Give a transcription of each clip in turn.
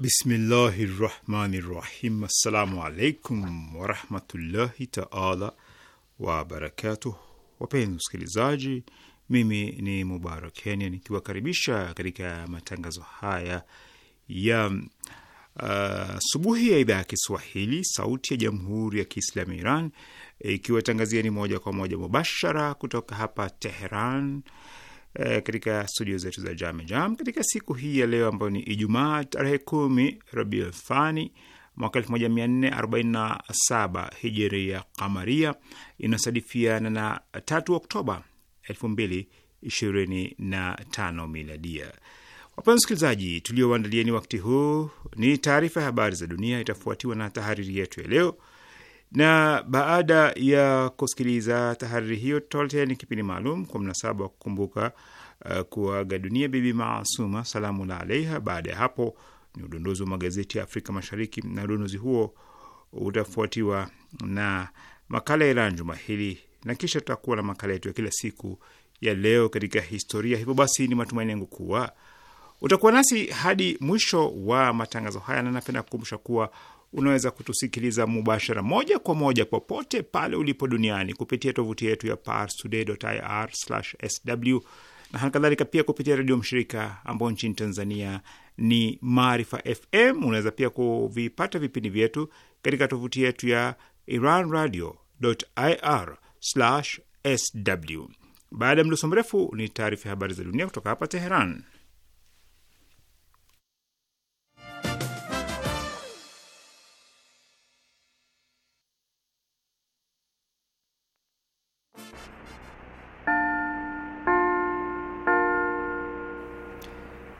Bismillahi rahmani rahim. Assalamu alaikum warahmatullahi taala wabarakatuh. Wapenzi wasikilizaji, mimi ni Mubarak Kenya nikiwakaribisha katika matangazo haya ya uh, subuhi ya idhaa ya Kiswahili sauti ya jamhuri ya Kiislamu Iran ikiwatangazia e, ni moja kwa moja mubashara kutoka hapa Teheran eh, katika studio zetu za Jam Jam katika siku hii ya leo ambayo ni Ijumaa tarehe kumi Rabiul Thani mwaka 1447 ya Kamaria, inasadifiana na 3 Oktoba 2025 Miladia. Wapenzi wasikilizaji, tuliowaandalieni wakati huu ni taarifa ya habari za dunia, itafuatiwa na tahariri yetu ya leo na baada ya kusikiliza tahariri hiyo, tutawaleteni kipindi maalum kwa mnasaba wa kukumbuka uh, kuaga dunia Bibi Maasuma salamullah alaiha. Baada ya hapo ni udondozi wa magazeti ya Afrika Mashariki, na udondozi huo utafuatiwa na makala ya Iran juma hili, na kisha tutakuwa na makala yetu ya kila siku ya leo katika historia. Hivyo basi, ni matumaini yangu kuwa utakuwa nasi hadi mwisho wa matangazo haya, na napenda kukumbusha kuwa unaweza kutusikiliza mubashara moja kwa moja popote pale ulipo duniani kupitia tovuti yetu ya parstoday.ir/sw na hali kadhalika pia kupitia redio mshirika ambao nchini Tanzania ni Maarifa FM. Unaweza pia kuvipata vipindi vyetu katika tovuti yetu ya iranradio.ir/sw. Baada ya mdoso mrefu ni taarifa ya habari za dunia kutoka hapa Teheran.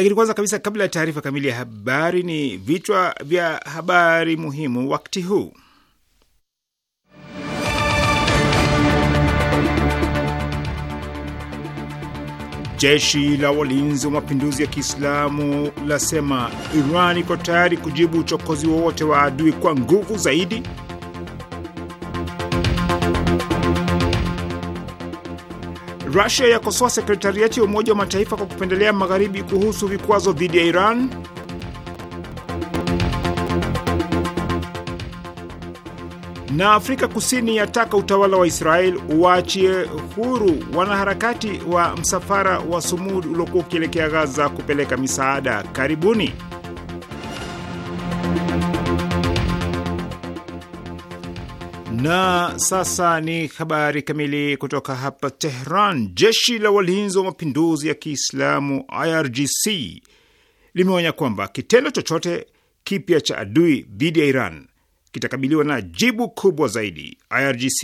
Lakini kwanza kabisa, kabla ya taarifa kamili ya habari, ni vichwa vya habari muhimu wakati huu. Jeshi la walinzi wa mapinduzi ya Kiislamu lasema Iran iko tayari kujibu uchokozi wowote wa adui kwa nguvu zaidi. Rusia yakosoa sekretariati ya Umoja wa Mataifa kwa kupendelea magharibi kuhusu vikwazo dhidi ya Iran. Na Afrika Kusini yataka utawala wa Israel uwaachie huru wanaharakati wa msafara wa Sumud uliokuwa ukielekea Gaza kupeleka misaada. Karibuni. Na sasa ni habari kamili kutoka hapa Tehran. Jeshi la walinzi wa mapinduzi ya Kiislamu IRGC limeonya kwamba kitendo chochote kipya cha adui dhidi ya Iran kitakabiliwa na jibu kubwa zaidi. IRGC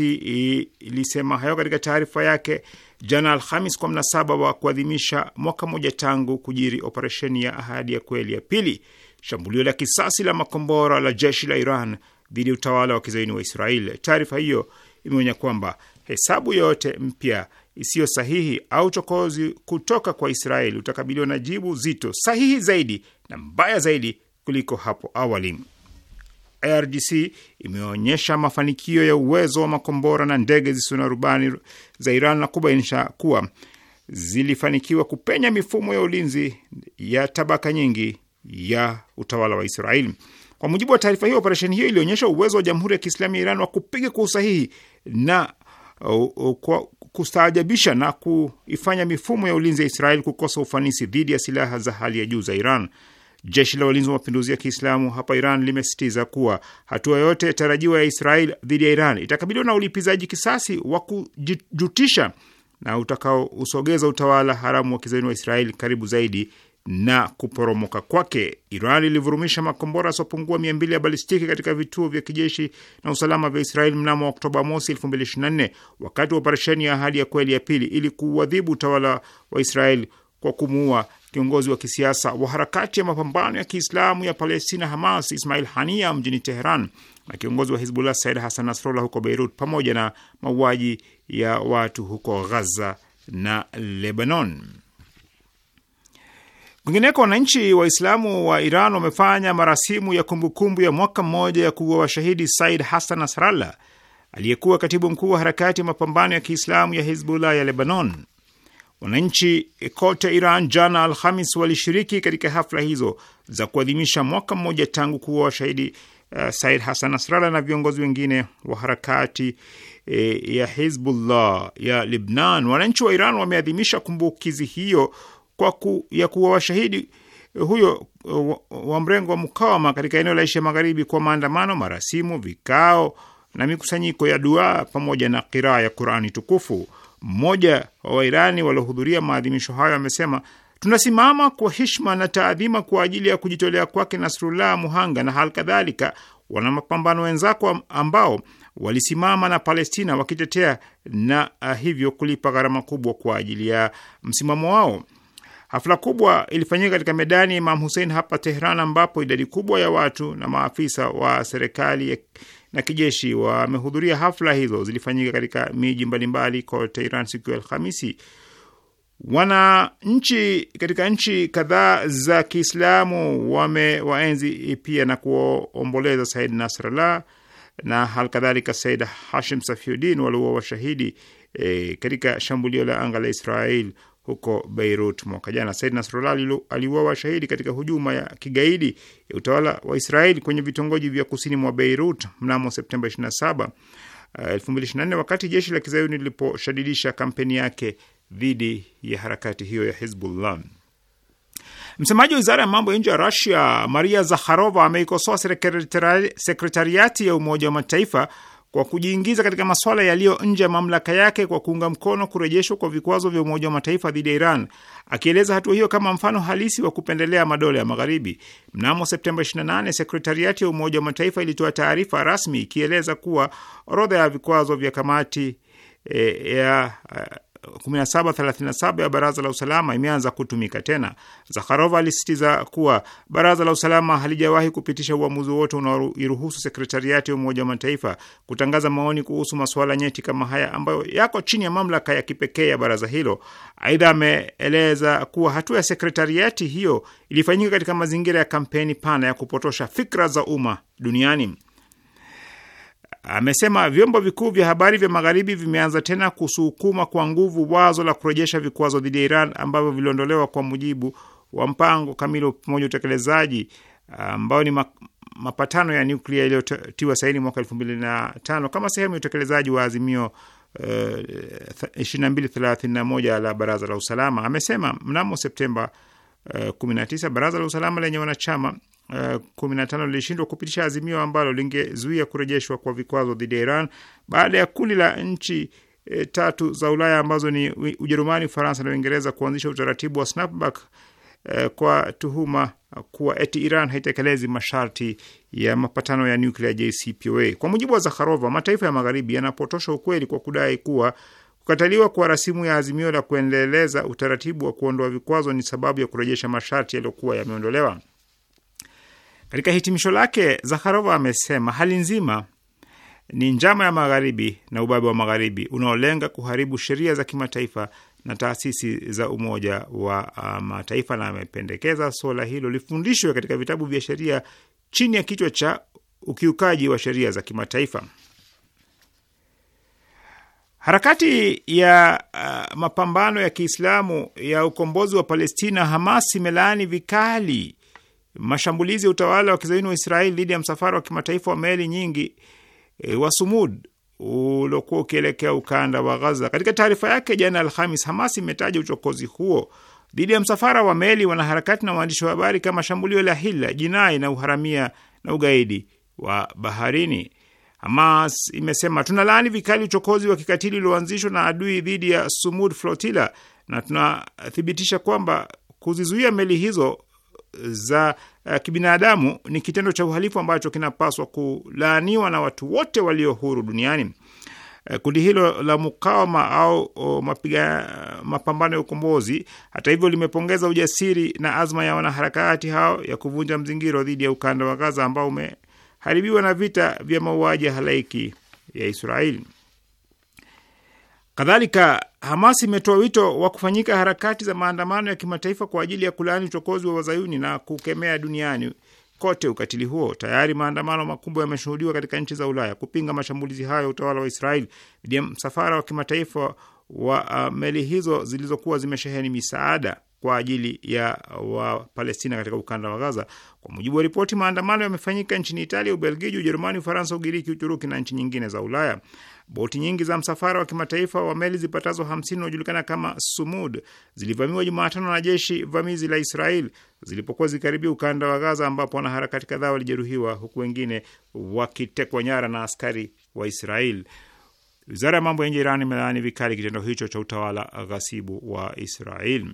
ilisema hayo katika taarifa yake jana Alhamis kwa mnasaba wa kuadhimisha mwaka mmoja tangu kujiri operesheni ya Ahadi ya Kweli ya pili, shambulio la kisasi la makombora la jeshi la Iran dhidi ya utawala wa kizaini wa Israel. Taarifa hiyo imeonya kwamba hesabu yoyote mpya isiyo sahihi au chokozi kutoka kwa Israeli utakabiliwa na jibu zito, sahihi zaidi na mbaya zaidi kuliko hapo awali. IRGC imeonyesha mafanikio ya uwezo wa makombora na ndege zisizo na rubani za Iran na kubainisha kuwa zilifanikiwa kupenya mifumo ya ulinzi ya tabaka nyingi ya utawala wa Israeli. Kwa mujibu wa taarifa hiyo, operesheni hiyo ilionyesha uwezo wa Jamhuri ya Kiislamu ya Iran wa kupiga kwa usahihi na uh, uh, kwa kustaajabisha na kuifanya mifumo ya ulinzi ya Israeli kukosa ufanisi dhidi ya silaha za hali ya juu za Iran. Jeshi la walinzi wa mapinduzi ya Kiislamu hapa Iran limesisitiza kuwa hatua yoyote tarajiwa ya Israel dhidi ya Iran itakabiliwa na ulipizaji kisasi wa kujutisha na utakaousogeza utawala haramu wa kizayuni wa israel karibu zaidi na kuporomoka kwake, Iran ilivurumisha makombora yasiopungua mia mbili ya balistiki katika vituo vya kijeshi na usalama vya Israel mnamo Oktoba mosi 2024 wakati wa operesheni ya Ahadi ya Kweli ya pili ili kuuadhibu utawala wa Israel kwa kumuua kiongozi wa kisiasa wa harakati ya mapambano ya Kiislamu ya Palestina Hamas Ismail Hania mjini Teheran na kiongozi wa Hizbullah Said Hassan Nasrallah huko Beirut, pamoja na mauaji ya watu huko Ghaza na Lebanon. Kwingineko, wananchi Waislamu wa Iran wamefanya marasimu ya kumbukumbu ya mwaka mmoja ya kuwa washahidi Said Hassan Nasrallah aliyekuwa katibu mkuu wa harakati ya mapambano ya Kiislamu ya Hizbullah ya Lebanon. Wananchi kote Iran jana Alhamis walishiriki katika hafla hizo za kuadhimisha mwaka mmoja tangu kuwa washahidi uh, Said Hassan Nasrallah na viongozi wengine wa harakati eh, ya Hizbullah ya Lebnan. Wananchi wa Iran wameadhimisha kumbukizi hiyo kwa ku, ya kuwa washahidi eh, huyo eh, wa mrengo wa mukawama katika eneo la Asia Magharibi kwa maandamano, marasimu, vikao na mikusanyiko ya duaa pamoja na qiraa ya Qurani tukufu. Mmoja wa Wairani waliohudhuria maadhimisho hayo amesema, tunasimama kwa hishma na taadhima kwa ajili ya kujitolea kwake Nasrullah Muhanga na hali kadhalika wana mapambano wenzako ambao walisimama na Palestina wakitetea na eh, hivyo kulipa gharama kubwa kwa ajili ya msimamo wao. Hafla kubwa ilifanyika katika medani Imam Hussein hapa Tehran, ambapo idadi kubwa ya watu na maafisa wa serikali na kijeshi wamehudhuria. Hafla hizo zilifanyika katika miji mbalimbali kote Iran siku ya Alhamisi. Wananchi katika nchi kadhaa za Kiislamu wamewaenzi pia na kuomboleza Said Nasrallah na kadhalika Said Hashim Safiuddin walio washahidi e, eh, katika shambulio la anga la Israel huko Beirut mwaka jana. Said Nasrullah aliuawa shahidi katika hujuma ya kigaidi ya utawala wa Israeli kwenye vitongoji vya kusini mwa Beirut mnamo Septemba 27, 2024 eh, wakati jeshi la kizayuni liliposhadidisha kampeni yake dhidi ya harakati hiyo ya Hizbullah. Msemaji wa wizara ya mambo ya nje ya Rusia, Maria Zakharova, ameikosoa sekretariati ya Umoja wa Mataifa kwa kujiingiza katika masuala yaliyo nje ya mamlaka yake kwa kuunga mkono kurejeshwa kwa vikwazo vya Umoja wa Mataifa dhidi ya Iran, akieleza hatua hiyo kama mfano halisi wa kupendelea madola ya Magharibi. Mnamo Septemba 28 sekretariati ya Umoja wa Mataifa ilitoa taarifa rasmi ikieleza kuwa orodha ya vikwazo vya kamati e, ya 1737 ya Baraza la Usalama imeanza kutumika tena. Zakharova alisisitiza kuwa Baraza la Usalama halijawahi kupitisha uamuzi wote unaoiruhusu sekretariati ya Umoja wa Mataifa kutangaza maoni kuhusu masuala nyeti kama haya ambayo yako chini ya mamlaka ya kipekee ya baraza hilo. Aidha, ameeleza kuwa hatua ya sekretariati hiyo ilifanyika katika mazingira ya kampeni pana ya kupotosha fikra za umma duniani. Amesema vyombo vikuu vya habari vya magharibi vimeanza tena kusukuma kwa nguvu wazo la kurejesha vikwazo dhidi ya Iran ambavyo viliondolewa kwa mujibu wa mpango kamili wa pamoja utekelezaji ambao ni mapatano ya nuklia yaliyotiwa saini mwaka elfu mbili na tano kama sehemu ya utekelezaji wa azimio eh, ishirini na mbili thelathini na moja la Baraza la Usalama. Amesema mnamo Septemba 19 eh, baraza la usalama lenye wanachama 15 eh, lilishindwa kupitisha azimio ambalo lingezuia kurejeshwa kwa vikwazo dhidi ya Iran baada ya kundi la nchi e, tatu za Ulaya ambazo ni Ujerumani, Ufaransa na Uingereza kuanzisha utaratibu wa snapback kwa tuhuma kuwa eti Iran haitekelezi masharti ya mapatano ya nuclear JCPOA. Kwa mujibu wa Zakharova, mataifa ya magharibi yanapotosha ukweli kwa kudai kuwa Kukataliwa kwa rasimu ya azimio la kuendeleza utaratibu wa kuondoa vikwazo ni sababu ya kurejesha masharti yaliyokuwa yameondolewa. Katika hitimisho lake, Zakharova amesema hali nzima ni njama ya magharibi na ubabe wa magharibi unaolenga kuharibu sheria za kimataifa na taasisi za Umoja wa uh, Mataifa, na amependekeza suala hilo lifundishwe katika vitabu vya sheria chini ya kichwa cha ukiukaji wa sheria za kimataifa. Harakati ya uh, mapambano ya Kiislamu ya ukombozi wa Palestina, Hamas, imelaani vikali mashambulizi ya utawala wa kizayuni wa Israeli dhidi ya msafara wa kimataifa wa meli nyingi e, wa Sumud uliokuwa ukielekea ukanda wa Gaza. Katika taarifa yake jana Alhamis, Hamas imetaja uchokozi huo dhidi ya msafara wa meli, wanaharakati na waandishi wa habari kama shambulio la hila, jinai na uharamia na ugaidi wa baharini. Hamas imesema tunalaani vikali uchokozi wa kikatili ulioanzishwa na adui dhidi ya Sumud Flotilla na tunathibitisha kwamba kuzizuia meli hizo za eh, kibinadamu ni kitendo cha uhalifu ambacho kinapaswa kulaaniwa na watu wote walio huru duniani. Eh, kundi hilo la mukawama au mapiga, mapambano ya ukombozi, hata hivyo, limepongeza ujasiri na azma ya wanaharakati hao ya kuvunja mzingiro dhidi ya ukanda wa Gaza ambao ume haribiwa na vita vya mauaji ya halaiki ya Israeli. Kadhalika, Hamas imetoa wito wa kufanyika harakati za maandamano ya kimataifa kwa ajili ya kulaani uchokozi wa wazayuni na kukemea duniani kote ukatili huo. Tayari maandamano makubwa yameshuhudiwa katika nchi za Ulaya kupinga mashambulizi hayo ya utawala wa Israeli dhidi ya msafara wa kimataifa wa uh, meli hizo zilizokuwa zimesheheni misaada kwa ajili ya Wapalestina katika ukanda wa Gaza. Kwa mujibu wa ripoti, maandamano yamefanyika nchini Italia, Ubelgiji, Ujerumani, Ufaransa, Ugiriki, Uturuki na nchi nyingine za Ulaya. Boti nyingi za msafara wa kimataifa wa meli zipatazo 50 unaojulikana kama Sumud zilivamiwa Jumatano na jeshi vamizi la Israel zilipokuwa zikaribia ukanda wa Gaza, ambapo wanaharakati kadhaa walijeruhiwa huku wengine wakitekwa nyara na askari wa Israel. Wizara ya mambo ya nje Iran imelaani vikali kitendo hicho cha utawala ghasibu wa Israel.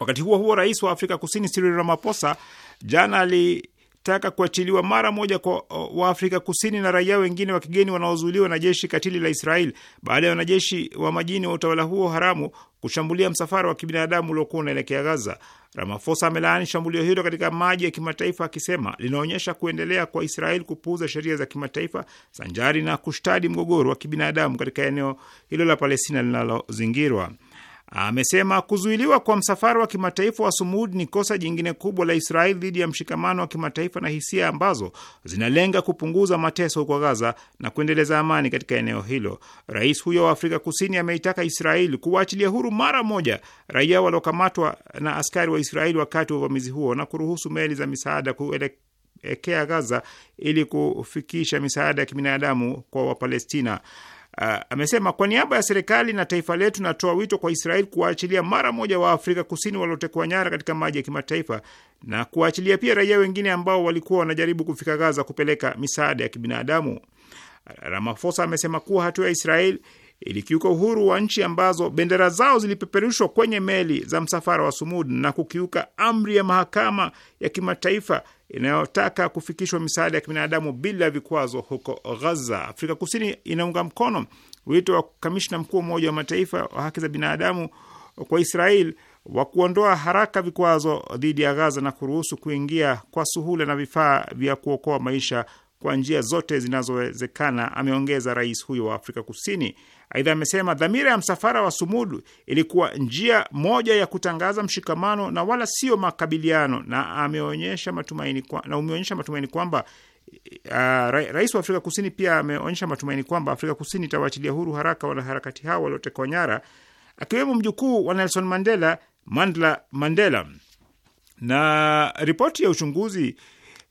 Wakati huo huo, rais wa Afrika Kusini Cyril Ramaphosa jana alitaka kuachiliwa mara moja kwa Waafrika Kusini na raia wengine wa kigeni wanaozuiliwa na jeshi katili la Israel baada ya wanajeshi wa majini wa utawala huo haramu kushambulia msafara wa kibinadamu uliokuwa unaelekea Gaza. Ramaphosa amelaani shambulio hilo katika maji ya kimataifa akisema linaonyesha kuendelea kwa Israel kupuuza sheria za kimataifa sanjari na kushtadi mgogoro wa kibinadamu katika eneo hilo la Palestina linalozingirwa amesema kuzuiliwa kwa msafara wa kimataifa wa Sumud ni kosa jingine kubwa la Israeli dhidi ya mshikamano wa kimataifa na hisia ambazo zinalenga kupunguza mateso huko Gaza na kuendeleza amani katika eneo hilo. Rais huyo wa Afrika Kusini ameitaka Israeli kuwaachilia huru mara moja raia waliokamatwa na askari wa Israeli wakati wa uvamizi huo na kuruhusu meli za misaada kuelekea Gaza ili kufikisha misaada ya kibinadamu kwa Wapalestina. Uh, amesema kwa niaba ya serikali na taifa letu natoa wito kwa Israel kuwaachilia mara moja wa Afrika Kusini waliotekwa nyara katika maji ya kimataifa na kuwaachilia pia raia wengine ambao walikuwa wanajaribu kufika Gaza kupeleka misaada ya kibinadamu. Uh, Ramaphosa amesema kuwa hatua ya Israel ilikiuka uhuru wa nchi ambazo bendera zao zilipeperushwa kwenye meli za msafara wa Sumud na kukiuka amri ya mahakama ya kimataifa inayotaka kufikishwa misaada ya kibinadamu bila vikwazo huko Ghaza. Afrika Kusini inaunga mkono wito wa kamishna mkuu wa Umoja wa Mataifa wa haki za binadamu kwa Israel wa kuondoa haraka vikwazo dhidi ya Ghaza na kuruhusu kuingia kwa suhula na vifaa vya kuokoa maisha kwa njia zote zinazowezekana, ameongeza rais huyo wa Afrika Kusini. Aidha amesema dhamira ya msafara wa Sumudu ilikuwa njia moja ya kutangaza mshikamano na wala sio makabiliano, na ameonyesha matumaini kwa, na umeonyesha matumaini kwamba uh, rais wa Afrika Kusini pia ameonyesha matumaini kwamba Afrika Kusini itawaachilia huru haraka wanaharakati hao waliotekwa nyara, akiwemo mjukuu wa Nelson Mandela, Mandla Mandela. Na ripoti ya uchunguzi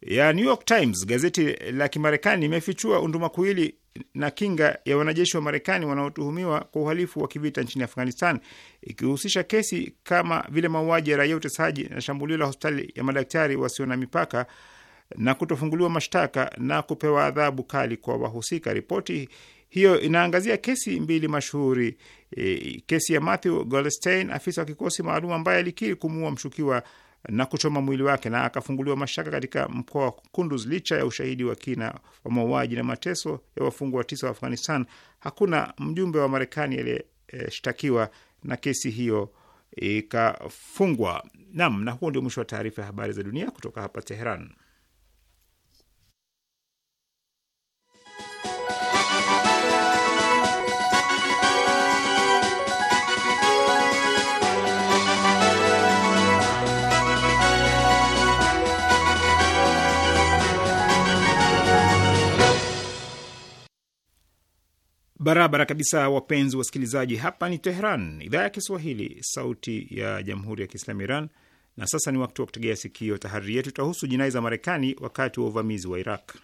ya New York Times, gazeti la Kimarekani, imefichua unduma kuili na kinga ya wanajeshi wa Marekani wanaotuhumiwa kwa uhalifu wa kivita nchini Afghanistan, ikihusisha kesi kama vile mauaji ya raia, utesaji na shambulio la hospitali ya madaktari wasio na mipaka na kutofunguliwa mashtaka na kupewa adhabu kali kwa wahusika. Ripoti hiyo inaangazia kesi mbili mashuhuri e, kesi ya Matthew Goldstein, afisa wa kikosi maalum ambaye alikiri kumuua mshukiwa na kuchoma mwili wake na akafunguliwa mashtaka katika mkoa wa Kunduz. Licha ya ushahidi wa kina wa mauaji na mateso ya wafungwa tisa wa Afghanistan, hakuna mjumbe wa Marekani aliyeshtakiwa na kesi hiyo ikafungwa. Nam, na huo ndio mwisho wa taarifa ya habari za dunia kutoka hapa Teheran. Barabara kabisa, wapenzi wasikilizaji, hapa ni Tehran, idhaa ya Kiswahili, sauti ya jamhuri ya kiislamu Iran. Na sasa ni wakati wa kutegea sikio. Tahariri yetu itahusu jinai za Marekani wakati wa uvamizi wa Iraq.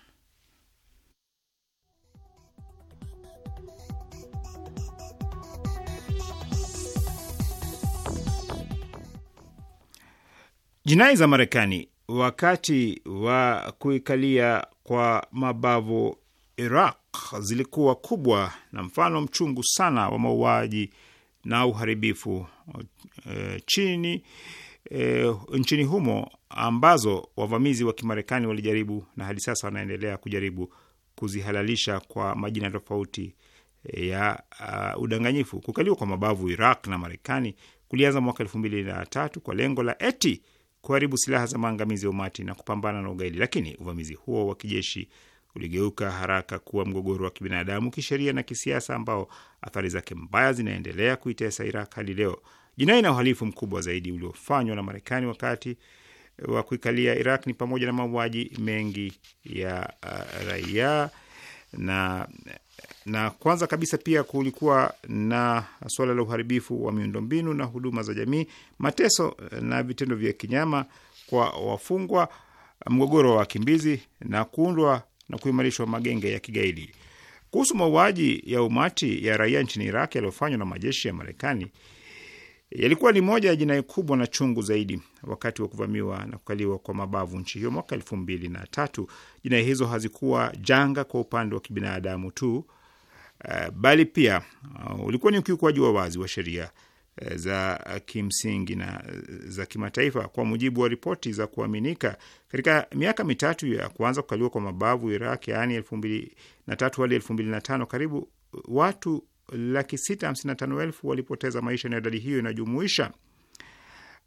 Jinai za Marekani wakati wa kuikalia kwa mabavu Iraq zilikuwa kubwa na mfano mchungu sana wa mauaji na uharibifu e, chini e, nchini humo ambazo wavamizi wa Kimarekani walijaribu na hadi sasa wanaendelea kujaribu kuzihalalisha kwa majina tofauti eh, ya uh, udanganyifu. Kukaliwa kwa mabavu Iraq na Marekani kulianza mwaka elfu mbili na tatu kwa lengo la eti kuharibu silaha za maangamizi ya umati na kupambana na ugaidi, lakini uvamizi huo wa kijeshi uligeuka haraka kuwa mgogoro wa kibinadamu, kisheria na kisiasa, ambao athari zake mbaya zinaendelea kuitesa Iraq hadi leo. Jinai na uhalifu mkubwa zaidi uliofanywa na Marekani wakati wa kuikalia Iraq ni pamoja na mauaji mengi ya uh, raia na na kwanza kabisa pia kulikuwa na suala la uharibifu wa miundombinu na huduma za jamii, mateso na vitendo vya kinyama kwa wafungwa, mgogoro wa wakimbizi na kuundwa na kuimarishwa magenge ya kigaidi. Kuhusu mauaji ya umati ya raia nchini Iraq yaliyofanywa na majeshi ya Marekani, yalikuwa ni moja ya jinai kubwa na chungu zaidi wakati wa kuvamiwa na kukaliwa kwa mabavu nchi hiyo mwaka elfu mbili na tatu. Jinai hizo hazikuwa janga kwa upande wa kibinadamu tu, uh, bali pia uh, ulikuwa ni ukiukwaji wa wazi wa sheria Eh, za kimsingi na eh, za kimataifa. Kwa mujibu wa ripoti za kuaminika, katika miaka mitatu ya kuanza kukaliwa kwa mabavu Iraq, yaani elfu mbili na tatu hadi elfu mbili na tano karibu eh, watu laki sita hamsini na tano elfu walipoteza maisha, na idadi hiyo inajumuisha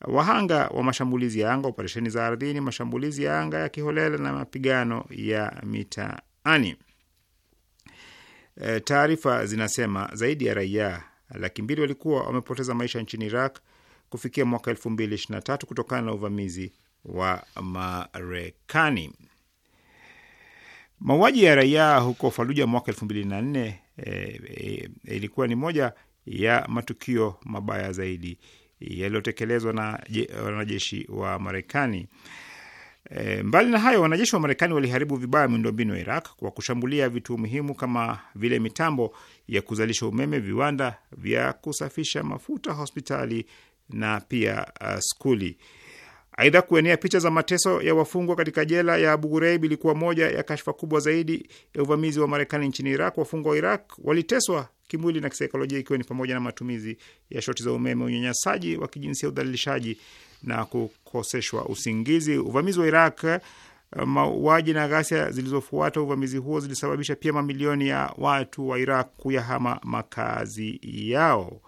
wahanga wa mashambulizi ya anga, operesheni za ardhini, mashambulizi ya anga ya kiholela na mapigano ya mitaani. E, taarifa zinasema zaidi ya raia laki mbili walikuwa wamepoteza maisha nchini Iraq kufikia mwaka elfu mbili ishirini na tatu kutokana na uvamizi wa Marekani. Mauaji ya raia huko Faluja mwaka elfu mbili na nne eh, eh, ilikuwa ni moja ya matukio mabaya zaidi yaliyotekelezwa na wanajeshi wa Marekani. E, mbali na hayo wanajeshi wa Marekani waliharibu vibaya miundombinu ya Iraq kwa kushambulia vituo muhimu kama vile mitambo ya kuzalisha umeme, viwanda vya kusafisha mafuta, hospitali na pia uh, skuli. Aidha, kuenea picha za mateso ya wafungwa katika jela ya Abu Ghuraib ilikuwa moja ya kashfa kubwa zaidi ya uvamizi wa Marekani nchini Iraq. Wafungwa wa Iraq waliteswa kimwili na kisaikolojia, ikiwa ni pamoja na matumizi ya shoti za umeme, unyanyasaji wa kijinsia, udhalilishaji na kukoseshwa usingizi. Uvamizi wa Iraq, mauaji na ghasia zilizofuata uvamizi huo zilisababisha pia mamilioni ya watu wa Iraq kuyahama makazi yao.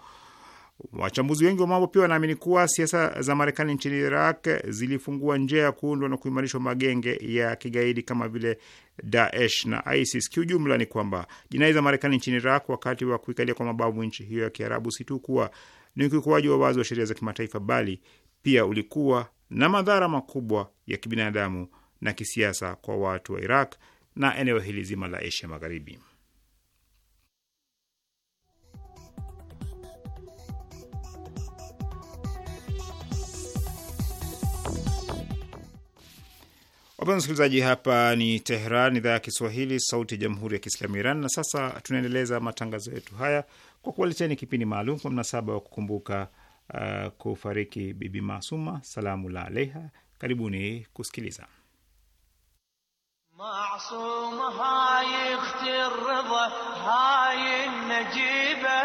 Wachambuzi wengi wa mambo pia wanaamini kuwa siasa za Marekani nchini Iraq zilifungua njia ya kuundwa na kuimarishwa magenge ya kigaidi kama vile Daesh na ISIS. Kiujumla ni kwamba jinai za Marekani nchini Iraq wakati wa kuikalia kwa mabavu nchi hiyo ya Kiarabu si tu kuwa ni ukiukuaji wa wazi wa sheria za kimataifa, bali pia ulikuwa na madhara makubwa ya kibinadamu na kisiasa kwa watu wa Iraq na eneo hili zima la Asia Magharibi. Wapenzi msikilizaji, hapa ni Teheran, idhaa ya Kiswahili, sauti ya jamhuri ya kiislamu ya Iran. Na sasa tunaendeleza matangazo yetu haya kwa kuwaleteni kipindi maalum kwa mnasaba wa kukumbuka uh, kufariki Bibi Masuma salamullah alaiha. Karibuni kusikiliza Masum hayi rida hayi najiba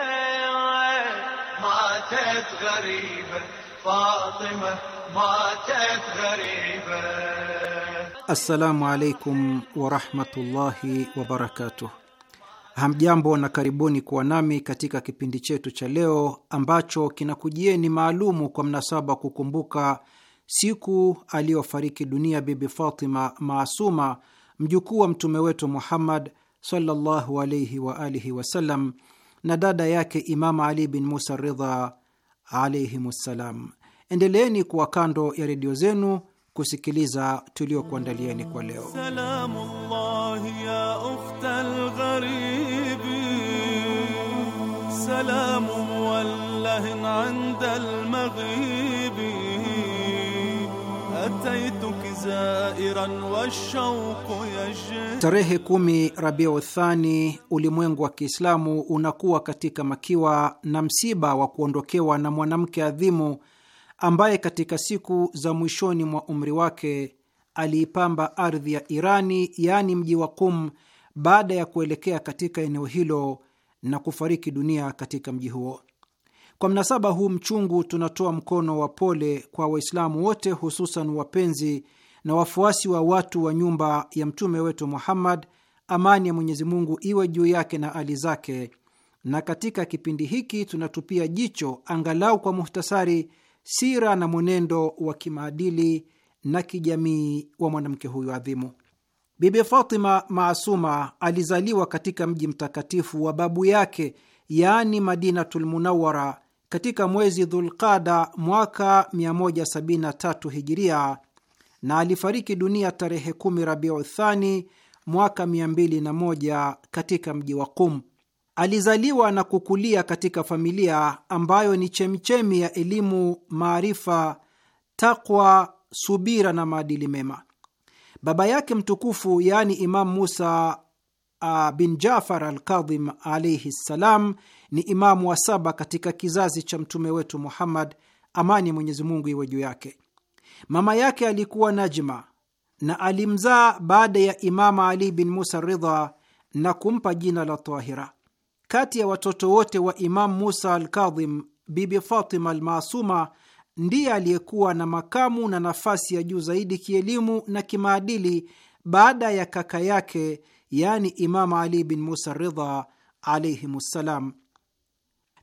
matat ghariba Fatima matat ghariba. Assalamu alaikum warahmatullahi wabarakatuh. Hamjambo na karibuni kuwa nami katika kipindi chetu cha leo ambacho kinakujieni maalumu kwa mnasaba kukumbuka siku aliyofariki dunia Bibi Fatima Maasuma, mjukuu wa mtume wetu Muhammad sallallahu alaihi wa alihi wasallam na dada yake Imama Ali bin Musa Ridha alaihimussalam. Endeleeni kuwa kando ya redio zenu kusikiliza tuliokuandalieni kwa leo. Salamullahi ya ukhtal gharib الكلام موله عند المغيب Ataituki زائرا والشوق shauku Tarehe kumi rabia Thani, ulimwengu wa Kiislamu unakuwa katika makiwa na msiba wa kuondokewa na mwanamke adhimu ambaye katika siku za mwishoni mwa umri wake aliipamba ardhi ya Irani, yaani mji wa Qum, baada ya kuelekea katika eneo hilo na kufariki dunia katika mji huo. Kwa mnasaba huu mchungu, tunatoa mkono wa pole kwa Waislamu wote, hususan wapenzi na wafuasi wa watu wa nyumba ya mtume wetu Muhammad, amani ya Mwenyezi Mungu iwe juu yake na ali zake. Na katika kipindi hiki tunatupia jicho angalau kwa muhtasari sira na mwenendo wa kimaadili na kijamii wa mwanamke huyu adhimu. Bibi Fatima Maasuma alizaliwa katika mji mtakatifu wa babu yake, yaani Madinatul Munawara, katika mwezi Dhulqada mwaka 173 Hijiria, na alifariki dunia tarehe 10 Rabiu Thani mwaka 201 katika mji wa Qum. Alizaliwa na kukulia katika familia ambayo ni chemchemi ya elimu, maarifa, takwa, subira na maadili mema. Baba yake mtukufu yaani Imamu Musa ah, bin Jafar al Kadhim alaihi ssalam ni imamu wa saba katika kizazi cha mtume wetu Muhammad, amani ya Mwenyezi Mungu iwe juu yake. Mama yake alikuwa Najma na alimzaa baada ya Imamu Ali bin Musa Ridha na kumpa jina la Tahira. Kati ya watoto wote wa Imamu Musa Kadhim, Bibi Fatima Almasuma ndiye aliyekuwa na makamu na nafasi ya juu zaidi kielimu na kimaadili baada ya kaka yake, yani Imam Ali bin Musa Ridha alaihimussalam.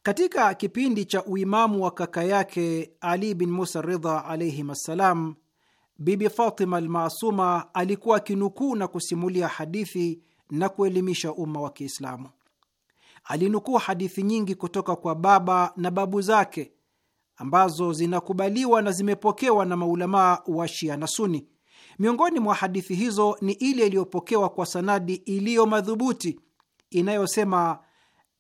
Katika kipindi cha uimamu wa kaka yake Ali bin Musa Ridha assalam, Bibi Fatima Almasuma alikuwa akinukuu na kusimulia hadithi na kuelimisha umma wa Kiislamu. Alinukuu hadithi nyingi kutoka kwa baba na babu zake ambazo zinakubaliwa na zimepokewa na maulamaa wa Shia na Suni. Miongoni mwa hadithi hizo ni ile iliyopokewa kwa sanadi iliyo madhubuti inayosema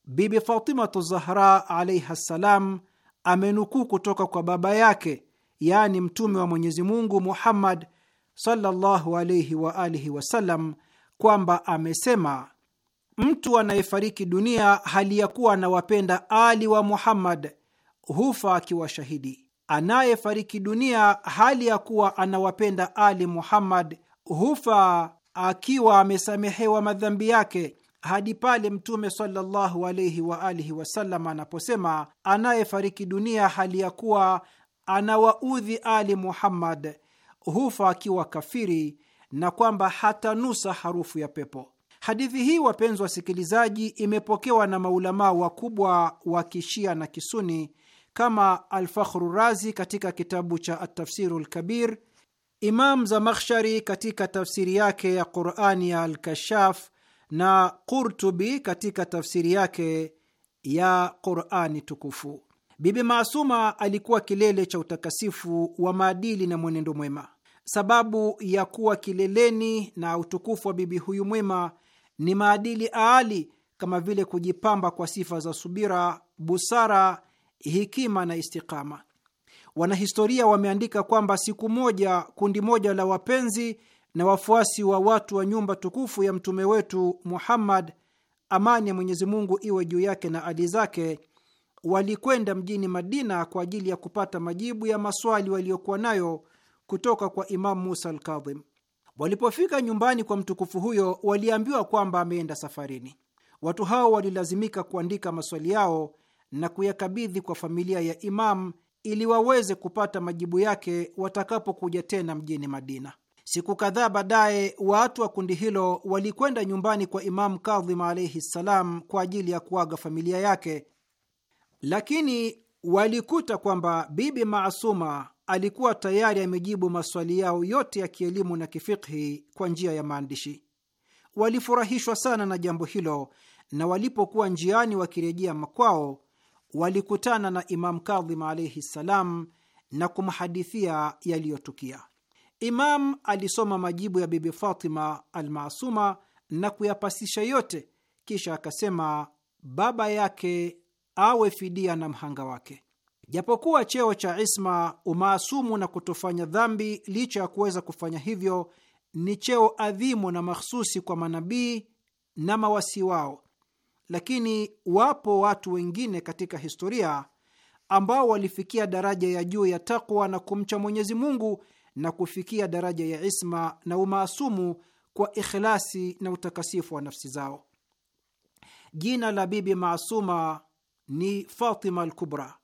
Bibi Fatimatu Zahra alaiha ssalam amenukuu kutoka kwa baba yake, yaani Mtume wa Mwenyezi Mungu Muhammad sallallahu alaihi wa alihi wasallam kwamba amesema, mtu anayefariki dunia hali ya kuwa anawapenda Ali wa Muhammad hufa akiwa shahidi. Anayefariki dunia hali ya kuwa anawapenda Ali Muhammad hufa akiwa amesamehewa madhambi yake hadi pale Mtume sallallahu alaihi wa alihi wasallam anaposema, anayefariki dunia hali ya kuwa anawaudhi Ali Muhammad hufa akiwa kafiri na kwamba hatanusa harufu ya pepo. Hadithi hii, wapenzi wasikilizaji, imepokewa na maulamaa wakubwa wa Kishia na Kisuni kama Alfakhru Razi katika kitabu cha Atafsiru Lkabir, Imam Zamakhshari katika tafsiri yake ya Qurani ya Alkashaf na Qurtubi katika tafsiri yake ya Qurani Tukufu. Bibi Maasuma alikuwa kilele cha utakasifu wa maadili na mwenendo mwema. Sababu ya kuwa kileleni na utukufu wa bibi huyu mwema ni maadili aali kama vile kujipamba kwa sifa za subira, busara hikima na istikama. Wanahistoria wameandika kwamba siku moja kundi moja la wapenzi na wafuasi wa watu wa nyumba tukufu ya mtume wetu Muhammad, amani ya Mwenyezi Mungu iwe juu yake na ali zake, walikwenda mjini Madina kwa ajili ya kupata majibu ya maswali waliokuwa nayo kutoka kwa Imamu Musa Alkadhim. Walipofika nyumbani kwa mtukufu huyo, waliambiwa kwamba ameenda safarini. Watu hao walilazimika kuandika maswali yao na kuyakabidhi kwa familia ya Imam ili waweze kupata majibu yake watakapokuja tena mjini Madina. Siku kadhaa baadaye, watu wa kundi hilo walikwenda nyumbani kwa Imamu Kadhim alaihi ssalam kwa ajili ya kuaga familia yake, lakini walikuta kwamba Bibi Maasuma alikuwa tayari amejibu maswali yao yote ya kielimu na kifikhi kwa njia ya maandishi. Walifurahishwa sana na jambo hilo, na walipokuwa njiani wakirejea makwao walikutana na Imam Kadhim alaihi ssalam na kumhadithia yaliyotukia. Imam alisoma majibu ya Bibi Fatima Almasuma na kuyapasisha yote, kisha akasema baba yake awe fidia na mhanga wake. Japokuwa cheo cha isma, umaasumu na kutofanya dhambi, licha ya kuweza kufanya hivyo, ni cheo adhimu na makhususi kwa manabii na mawasi wao lakini wapo watu wengine katika historia ambao walifikia daraja ya juu ya takwa na kumcha Mwenyezi Mungu na kufikia daraja ya isma na umaasumu kwa ikhlasi na utakasifu wa nafsi zao. Jina la Bibi Maasuma ni Fatima lkubra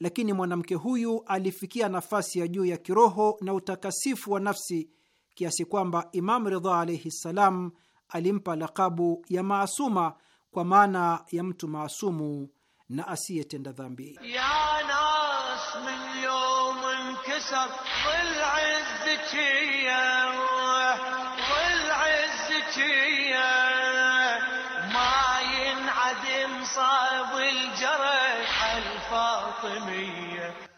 lakini mwanamke huyu alifikia nafasi ya juu ya kiroho na utakasifu wa nafsi kiasi kwamba Imam Ridha alaihi ssalam alimpa lakabu ya Maasuma kwa maana ya mtu maasumu na asiyetenda dhambi.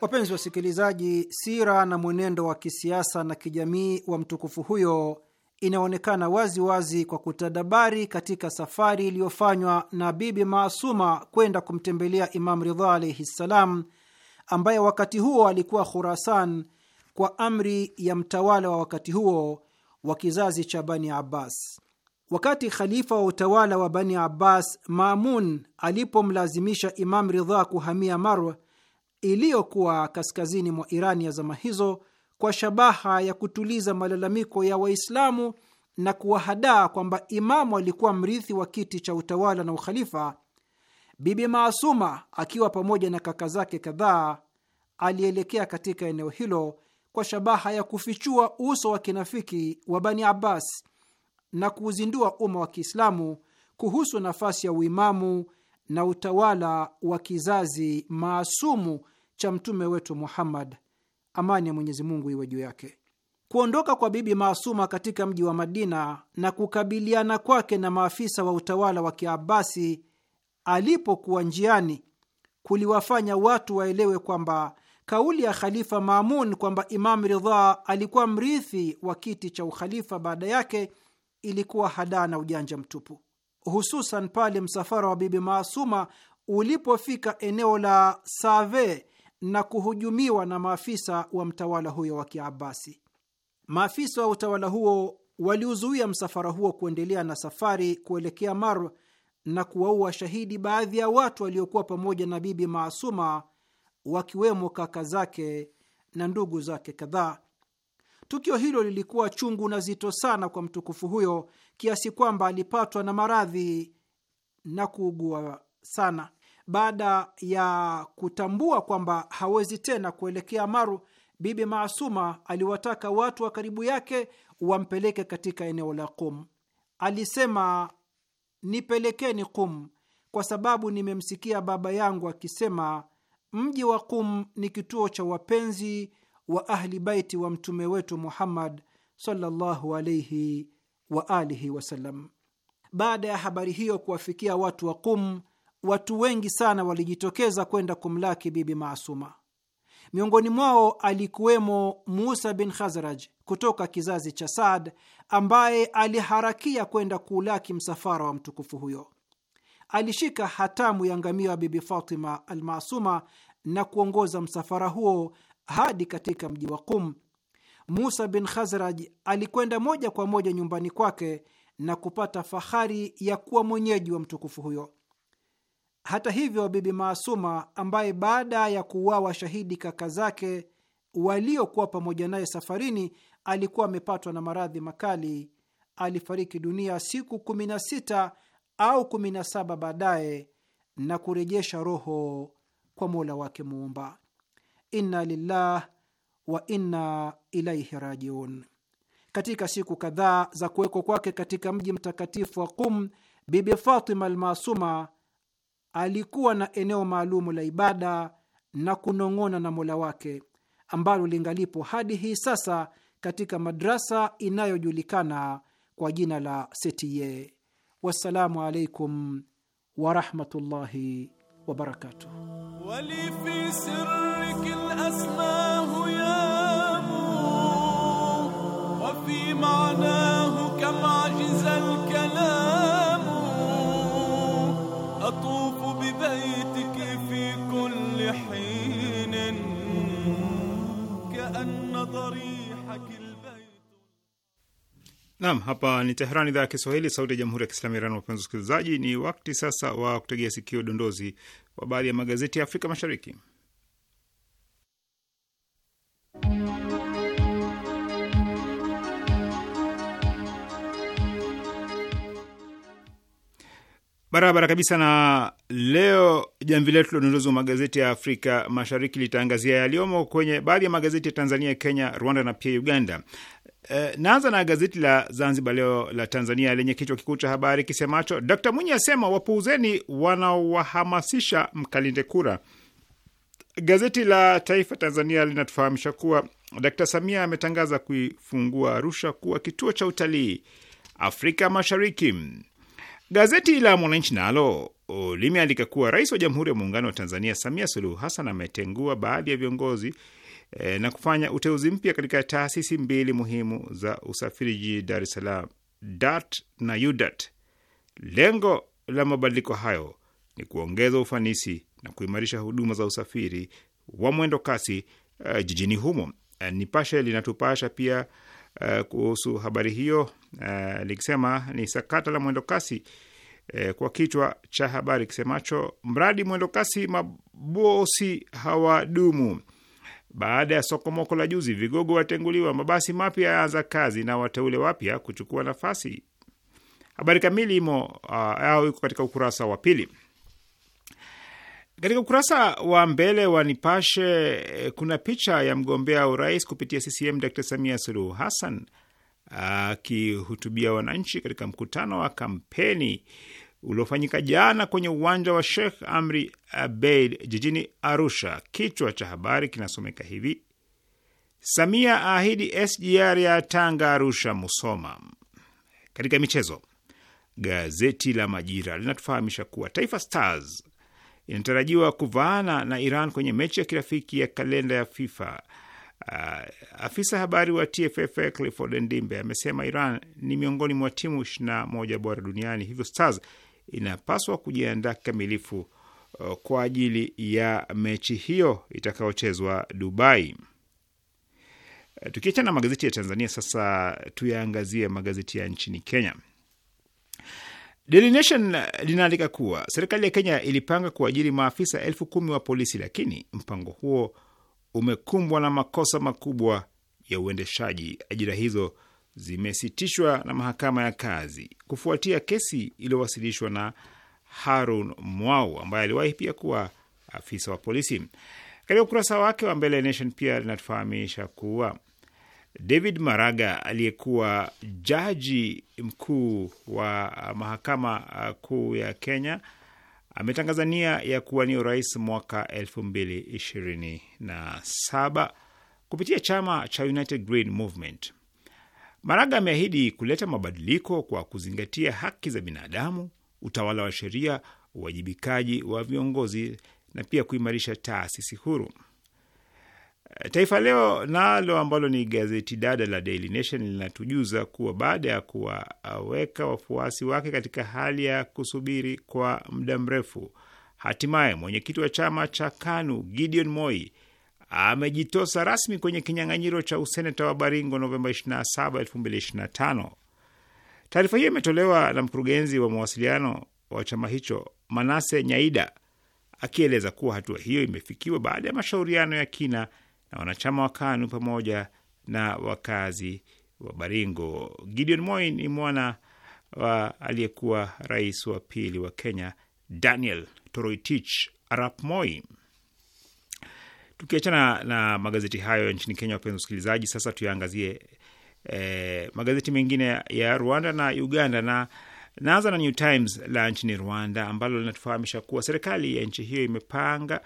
Wapenzi wasikilizaji, sira na mwenendo wa kisiasa na kijamii wa mtukufu huyo inaonekana wazi wazi kwa kutadabari katika safari iliyofanywa na Bibi Maasuma kwenda kumtembelea Imam Ridha alaihi ssalam, ambaye wakati huo alikuwa Khurasan kwa amri ya mtawala wa wakati huo wa kizazi cha Bani Abbas. Wakati khalifa wa utawala wa Bani Abbas Mamun alipomlazimisha Imam Ridha kuhamia marwa iliyokuwa kaskazini mwa Irani ya zama hizo kwa shabaha ya kutuliza malalamiko ya Waislamu na kuwahadaa kwamba Imamu alikuwa mrithi wa kiti cha utawala na ukhalifa, Bibi Maasuma akiwa pamoja na kaka zake kadhaa alielekea katika eneo hilo kwa shabaha ya kufichua uso wa kinafiki wa Bani Abbas na kuuzindua umma wa Kiislamu kuhusu nafasi ya uimamu na utawala wa kizazi maasumu cha mtume wetu Muhammad amani ya Mwenyezi Mungu iwe juu yake. Kuondoka kwa Bibi Maasuma katika mji wa Madina na kukabiliana kwake na maafisa wa utawala wa Kiabasi alipokuwa njiani kuliwafanya watu waelewe kwamba kauli ya Khalifa Maamun kwamba Imam Ridha alikuwa mrithi wa kiti cha ukhalifa baada yake ilikuwa hadaa na ujanja mtupu, hususan pale msafara wa Bibi Maasuma ulipofika eneo la Save na kuhujumiwa na maafisa wa mtawala huyo wa Kiabasi. Maafisa wa utawala huo waliuzuia msafara huo kuendelea na safari kuelekea Mar na kuwaua shahidi baadhi ya watu waliokuwa pamoja na Bibi Maasuma, wakiwemo kaka zake na ndugu zake kadhaa. Tukio hilo lilikuwa chungu na zito sana kwa mtukufu huyo kiasi kwamba alipatwa na maradhi na kuugua sana. Baada ya kutambua kwamba hawezi tena kuelekea Maru, Bibi Maasuma aliwataka watu wa karibu yake wampeleke katika eneo la Qum. Alisema, nipelekeni Qum kwa sababu nimemsikia baba yangu akisema mji wa Qum ni kituo cha wapenzi wa Ahli Baiti wa mtume wetu Muhammad sallallahu alaihi wa alihi wasallam. Baada ya habari hiyo kuwafikia watu wa Qum, watu wengi sana walijitokeza kwenda kumlaki Bibi Maasuma. Miongoni mwao alikuwemo Musa bin Khazraj kutoka kizazi cha Saad ambaye aliharakia kwenda kuulaki msafara wa mtukufu huyo. Alishika hatamu ya ngamia ya Bibi Fatima Almasuma na kuongoza msafara huo hadi katika mji wa Qum. Musa bin Khazraj alikwenda moja kwa moja nyumbani kwake na kupata fahari ya kuwa mwenyeji wa mtukufu huyo. Hata hivyo, Bibi Maasuma ambaye baada ya kuuawa shahidi kaka zake waliokuwa pamoja naye safarini alikuwa amepatwa na maradhi makali, alifariki dunia siku kumi na sita au kumi na saba baadaye na kurejesha roho kwa Mola wake Muumba. Inna lillah wa inna ilaihi rajiun. Katika siku kadhaa za kuwekwa kwake katika mji mtakatifu wa Qum, Bibi Fatima Almasuma alikuwa na eneo maalumu la ibada na kunong'ona na Mola wake ambalo lingalipo hadi hii sasa katika madrasa inayojulikana kwa jina la Setiye. Wassalamu alaikum warahmatullahi wabarakatuh. nam حين كأن ضريحك hapa ni teheran idhaa ya Kiswahili, sauti ya jamhuri ya kiislamu Iran. Wapenzi wasikilizaji, ni wakati sasa wa kutegea sikio dondozi wa baadhi ya magazeti ya Afrika Mashariki. barabara kabisa. Na leo jamvi letu la ununuzi wa magazeti ya Afrika Mashariki litaangazia yaliyomo kwenye baadhi ya magazeti ya Tanzania, Kenya, Rwanda na pia Uganda. E, naanza na gazeti la Zanzibar Leo la Tanzania lenye kichwa kikuu cha habari kisemacho Dkt Mwinyi asema wapuuzeni wanaowahamasisha mkalinde kura. Gazeti la Taifa Tanzania linatufahamisha kuwa Dkt Samia ametangaza kuifungua Arusha kuwa kituo cha utalii Afrika Mashariki. Gazeti la Mwananchi nalo limeandika kuwa rais wa Jamhuri ya Muungano wa Tanzania Samia Suluhu Hassan ametengua baadhi ya viongozi e, na kufanya uteuzi mpya katika taasisi mbili muhimu za usafiri jijini Dar es Salaam, DART na UDART. Lengo la mabadiliko hayo ni kuongeza ufanisi na kuimarisha huduma za usafiri wa mwendo kasi uh, jijini humo. ni e, Nipashe linatupasha pia Eh, kuhusu habari hiyo uh, eh, likisema ni sakata la mwendokasi uh, kwa kichwa cha habari kisemacho mradi mwendokasi mabosi hawadumu. Baada ya sokomoko la juzi, vigogo watenguliwa, mabasi mapya yaanza kazi na wateule wapya kuchukua nafasi. Habari kamili imo uh, au iko katika ukurasa wa pili. Katika ukurasa wa mbele wa Nipashe eh, kuna picha ya mgombea urais kupitia CCM Dr Samia Suluhu Hassan akihutubia wananchi katika mkutano wa kampeni uliofanyika jana kwenye uwanja wa Sheikh Amri Abeid jijini Arusha. Kichwa cha habari kinasomeka hivi: Samia aahidi SGR ya Tanga, Arusha, Musoma. Katika michezo, gazeti la Majira linatufahamisha kuwa Taifa Stars inatarajiwa kuvaana na Iran kwenye mechi ya kirafiki ya kalenda ya FIFA. Uh, afisa habari wa TFF Clifford Ndimbe amesema Iran ni miongoni mwa timu 21 bora duniani, hivyo Stars inapaswa kujiandaa kikamilifu uh, kwa ajili ya mechi hiyo itakayochezwa Dubai. Uh, tukiachana na magazeti ya Tanzania, sasa tuyaangazie magazeti ya nchini Kenya. Daily Nation uh, linaandika kuwa serikali ya Kenya ilipanga kuajiri maafisa elfu kumi wa polisi, lakini mpango huo umekumbwa na makosa makubwa ya uendeshaji. Ajira hizo zimesitishwa na mahakama ya kazi kufuatia kesi iliyowasilishwa na Harun Mwau ambaye aliwahi pia kuwa afisa wa polisi. Katika ukurasa wake wa mbele, Nation pia linatufahamisha kuwa David Maraga aliyekuwa jaji mkuu wa uh, mahakama uh, kuu ya Kenya ametangaza nia ya kuwania urais mwaka elfu mbili ishirini na saba kupitia chama cha United Green Movement. Maraga ameahidi kuleta mabadiliko kwa kuzingatia haki za binadamu, utawala wa sheria, uwajibikaji wa viongozi na pia kuimarisha taasisi huru. Eh, Taifa Leo nalo ambalo ni gazeti dada la Daily Nation linatujuza kuwa baada ya kuwaweka wafuasi wake katika hali ya kusubiri kwa muda mrefu, hatimaye mwenyekiti wa chama cha KANU Gideon Moi amejitosa rasmi kwenye kinyang'anyiro cha useneta wa Baringo Novemba 27, 2025. Taarifa hiyo imetolewa na mkurugenzi wa mawasiliano wa chama hicho Manase Nyaida akieleza kuwa hatua hiyo imefikiwa baada ya mashauriano ya kina na wanachama wa KANU pamoja na wakazi wa Baringo. Gideon Moi ni mwana wa aliyekuwa rais wa pili wa Kenya Daniel Toroitich arap Moi. Tukiachana na magazeti hayo nchini Kenya, wapenzi wasikilizaji, sasa tuyaangazie eh, magazeti mengine ya Rwanda na Uganda na naanza na New Times la nchini Rwanda ambalo linatufahamisha kuwa serikali ya nchi hiyo imepanga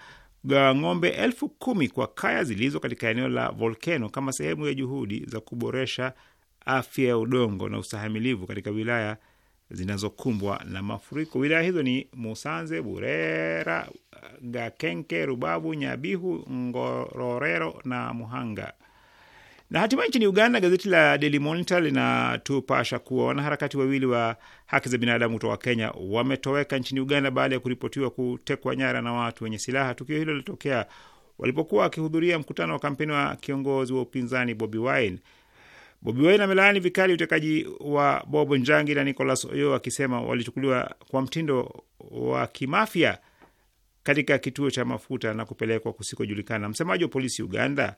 ng'ombe elfu kumi kwa kaya zilizo katika eneo la volkeno kama sehemu ya juhudi za kuboresha afya ya udongo na usahamilivu katika wilaya zinazokumbwa na mafuriko. Wilaya hizo ni Musanze, Burera, Gakenke, Rubavu, Nyabihu, Ngororero na Muhanga. Na hatimaye nchini Uganda, gazeti la Daily Monitor linatupasha kuwa wanaharakati wawili wa haki za binadamu kutoka Kenya wametoweka nchini Uganda baada ya kuripotiwa kutekwa nyara na watu wenye silaha. Tukio hilo lilitokea walipokuwa wakihudhuria mkutano wa kampeni wa kiongozi wa upinzani Bobi Wine. Bobi Wine amelaani vikali utekaji wa Bobo Njangi na nicolas Oyo akisema walichukuliwa kwa mtindo wa kimafia katika kituo cha mafuta na kupelekwa kusikojulikana. Msemaji wa polisi Uganda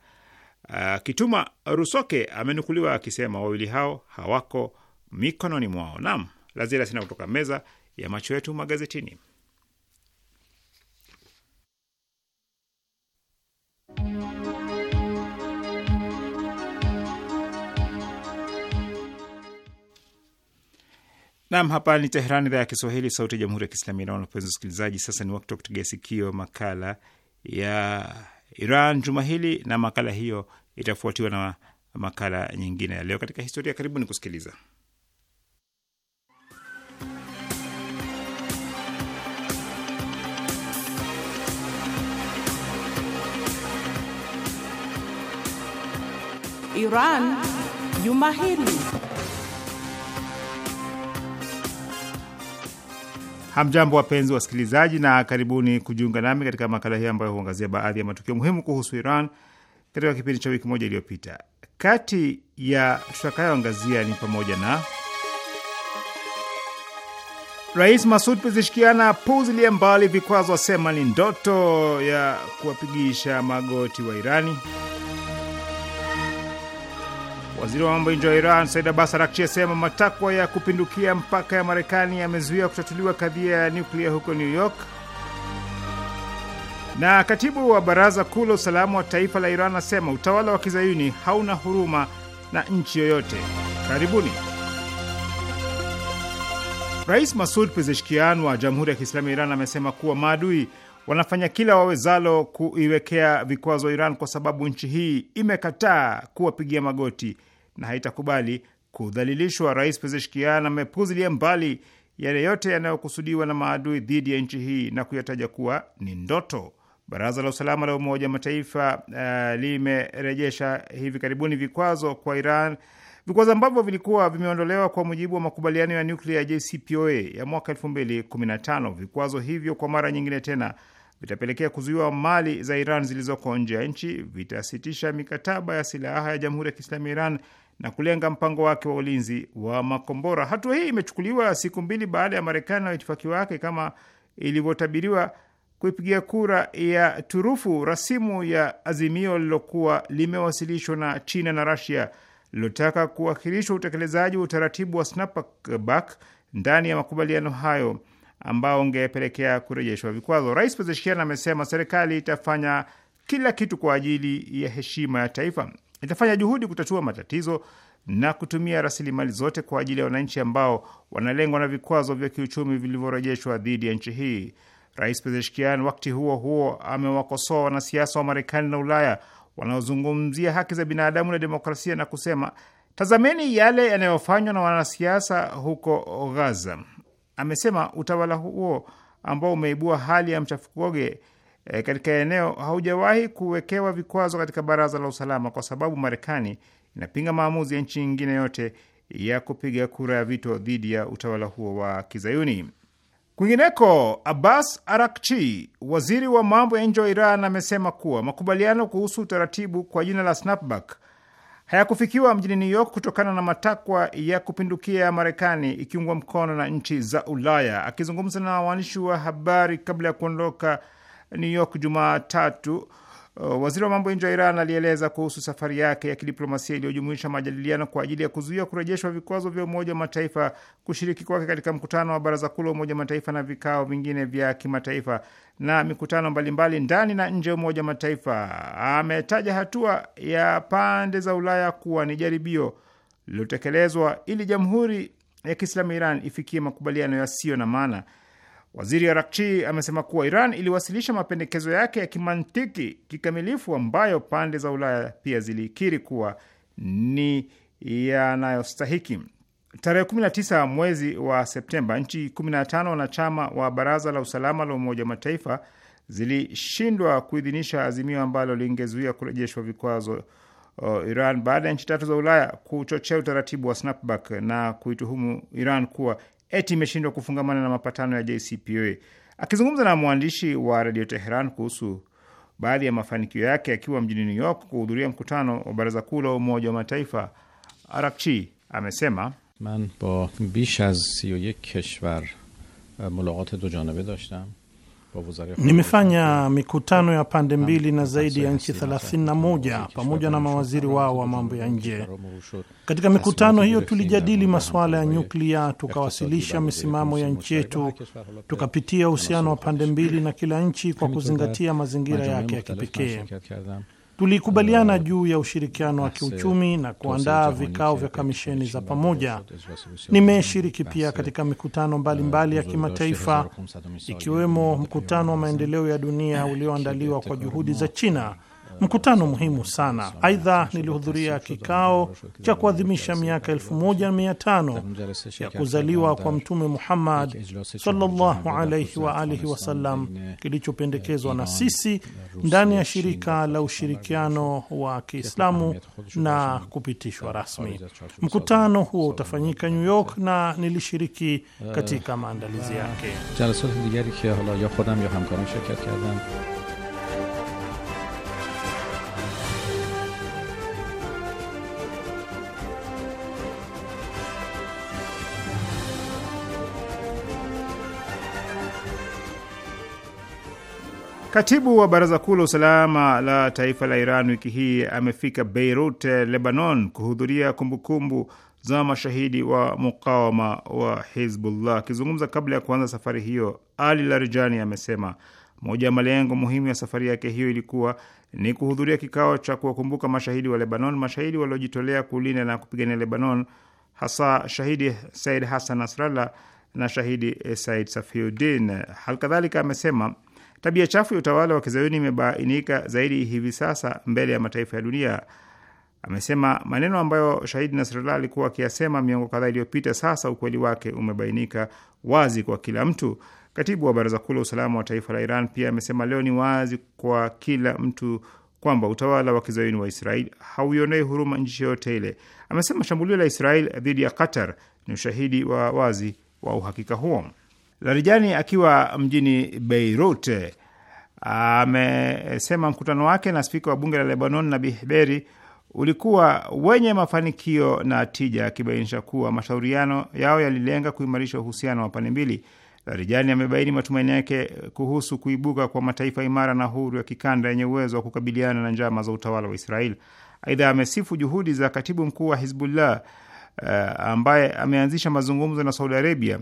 Kituma Rusoke amenukuliwa akisema wawili hao hawako mikononi mwao. Naam, la ziada sina kutoka meza ya macho yetu magazetini. Nam, hapa ni Teherani, idhaa ya Kiswahili, sauti ya jamhuri ya kiislamu Iran. Wapenzi wasikilizaji, sasa ni wakati wa kutegea sikio makala ya Iran juma hili, na makala hiyo itafuatiwa na makala nyingine ya leo katika historia. Karibuni kusikiliza. Iran juma hili. Hamjambo, wapenzi wasikilizaji, na karibuni kujiunga nami katika makala hii ambayo huangazia baadhi ya matukio muhimu kuhusu Iran katika kipindi cha wiki moja iliyopita. Kati ya tutakayoangazia ni pamoja na Rais Masud Pezeshkian apuuzilia mbali vikwazo, asema ni ndoto ya kuwapigisha magoti wa Irani. Waziri wa mambo ya nje wa Iran Said Abbas Arakchi asema matakwa ya kupindukia mpaka ya Marekani yamezuia kutatuliwa kadhia ya nyuklia huko New York. Na katibu wa baraza kuu la usalama wa taifa la Iran asema utawala wa kizayuni hauna huruma na nchi yoyote. Karibuni. Rais Masud Pezeshkian wa Jamhuri ya Kiislamu ya Iran amesema kuwa maadui wanafanya kila wawezalo kuiwekea vikwazo Iran kwa sababu nchi hii imekataa kuwapigia magoti na haitakubali kudhalilishwa. Rais Pezeshkian amepuzilia mbali yale yote yanayokusudiwa na maadui dhidi ya nchi hii na kuyataja kuwa ni ndoto. Baraza la usalama la Umoja wa Mataifa uh, limerejesha hivi karibuni vikwazo kwa Iran, vikwazo ambavyo vilikuwa vimeondolewa kwa mujibu wa makubaliano ya nuklia ya JCPOA ya mwaka 2015. Vikwazo hivyo kwa mara nyingine tena vitapelekea kuzuiwa mali za Iran zilizoko nje ya nchi, vitasitisha mikataba ya silaha ya Jamhuri ya Kiislamu ya Iran na kulenga mpango wake wa ulinzi wa makombora. Hatua hii imechukuliwa siku mbili baada ya Marekani na waitifaki wake kama ilivyotabiriwa kuipigia kura ya turufu rasimu ya azimio lililokuwa limewasilishwa na China na rasia lilotaka kuahirishwa utekelezaji wa utaratibu wa snapback ndani ya makubaliano hayo ambao ungepelekea kurejeshwa vikwazo. Rais Pezeshkian amesema serikali itafanya kila kitu kwa ajili ya heshima ya taifa, itafanya juhudi kutatua matatizo na kutumia rasilimali zote kwa ajili ya wananchi ambao wanalengwa na vikwazo vya kiuchumi vilivyorejeshwa dhidi ya nchi hii. Rais Pezeshkian wakati huo huo amewakosoa wanasiasa wa Marekani na Ulaya wanaozungumzia haki za binadamu na demokrasia na kusema, tazameni yale yanayofanywa na wanasiasa huko Gaza. Amesema utawala huo ambao umeibua hali ya mchafukoge e, eh, katika eneo haujawahi kuwekewa vikwazo katika Baraza la Usalama kwa sababu Marekani inapinga maamuzi ya nchi nyingine yote ya kupiga kura ya vito dhidi ya utawala huo wa Kizayuni. Kwingineko, Abbas Arakchi, waziri wa mambo ya nje wa Iran, amesema kuwa makubaliano kuhusu utaratibu kwa jina la snapback hayakufikiwa mjini New York kutokana na matakwa ya kupindukia ya Marekani ikiungwa mkono na nchi za Ulaya. Akizungumza na waandishi wa habari kabla ya kuondoka New York Jumatatu, Uh, waziri wa mambo ya nje wa Iran alieleza kuhusu safari yake ya kidiplomasia iliyojumuisha majadiliano kwa ajili ya kuzuia kurejeshwa vikwazo vya Umoja wa Mataifa, kushiriki kwake katika mkutano wa Baraza Kuu la Umoja wa Mataifa na vikao vingine vya kimataifa na mikutano mbalimbali ndani na nje ya Umoja wa Mataifa. Ametaja hatua ya pande za Ulaya kuwa ni jaribio lililotekelezwa ili Jamhuri ya Kiislamu Iran ifikie makubaliano yasiyo na maana Waziri Arakchi amesema kuwa Iran iliwasilisha mapendekezo yake ya kimantiki kikamilifu ambayo pande za Ulaya pia zilikiri kuwa ni yanayostahiki. Tarehe 19 mwezi wa Septemba, nchi 15 wanachama wa Baraza la Usalama la Umoja wa Mataifa zilishindwa kuidhinisha azimio ambalo lingezuia kurejeshwa vikwazo uh, Iran baada ya nchi tatu za Ulaya kuchochea utaratibu wa snapback na kuituhumu Iran kuwa eti imeshindwa kufungamana na mapatano ya JCPOA. Akizungumza na mwandishi wa redio Teheran kuhusu baadhi ya mafanikio yake akiwa mjini New York kuhudhuria mkutano wa baraza kuu la Umoja wa Mataifa, Arakchi amesema man ba bish az si u keshvar eh, mulaqat dujanabe dashtam Nimefanya mikutano ya pande mbili na zaidi ya nchi 31 pamoja na mawaziri wao wa mambo ya nje. Katika mikutano hiyo tulijadili masuala ya nyuklia, tukawasilisha misimamo ya nchi yetu, tukapitia uhusiano wa pande mbili na kila nchi kwa kuzingatia mazingira yake ya kipekee. Tulikubaliana uh, juu ya ushirikiano wa kiuchumi na kuandaa vikao vya kamisheni za pamoja. Nimeshiriki pia katika mikutano mbalimbali ya uh, kimataifa, ikiwemo mkutano wa maendeleo ya dunia ulioandaliwa kwa juhudi za China mkutano muhimu sana. Aidha, nilihudhuria kikao cha kuadhimisha miaka elfu moja mia tano ya kuzaliwa kwa Mtume Muhammad sallallahu alaihi wa alihi wasallam kilichopendekezwa na sisi ndani ya shirika la ushirikiano wa Kiislamu na kupitishwa rasmi. Mkutano huo utafanyika New York na nilishiriki katika maandalizi yake. Katibu wa baraza kuu la usalama la taifa la Iran wiki hii amefika Beirut, Lebanon, kuhudhuria kumbukumbu za mashahidi wa mukawama wa Hizbullah. Akizungumza kabla ya kuanza safari hiyo, Ali Larijani amesema moja ya malengo muhimu ya safari yake hiyo ilikuwa ni kuhudhuria kikao cha kuwakumbuka mashahidi wa Lebanon, mashahidi waliojitolea kulinda na kupigania Lebanon, hasa shahidi Said Hassan Nasrallah na shahidi Said Safiuddin. Halikadhalika amesema Tabia chafu ya utawala wa kizayuni imebainika zaidi hivi sasa mbele ya mataifa ya dunia, amesema. Maneno ambayo shahidi Nasrallah alikuwa akiyasema miongo kadhaa iliyopita, sasa ukweli wake umebainika wazi kwa kila mtu. Katibu wa Baraza Kuu la Usalama wa Taifa la Iran pia amesema leo ni wazi kwa kila mtu kwamba utawala wa kizayuni wa Israel hauionei huruma nchi yoyote ile. Amesema shambulio la Israel dhidi ya Qatar ni ushahidi wa wazi wa uhakika huo. Larijani akiwa mjini Beirut amesema mkutano wake na spika wa bunge la Lebanon nabi Berri ulikuwa wenye mafanikio na tija, akibainisha kuwa mashauriano yao yalilenga kuimarisha uhusiano wa pande mbili. Larijani amebaini matumaini yake kuhusu kuibuka kwa mataifa imara na huru ya kikanda yenye uwezo wa kukabiliana na njama za utawala wa Israeli. Aidha, amesifu juhudi za katibu mkuu wa Hizbullah uh, ambaye ameanzisha mazungumzo na Saudi Arabia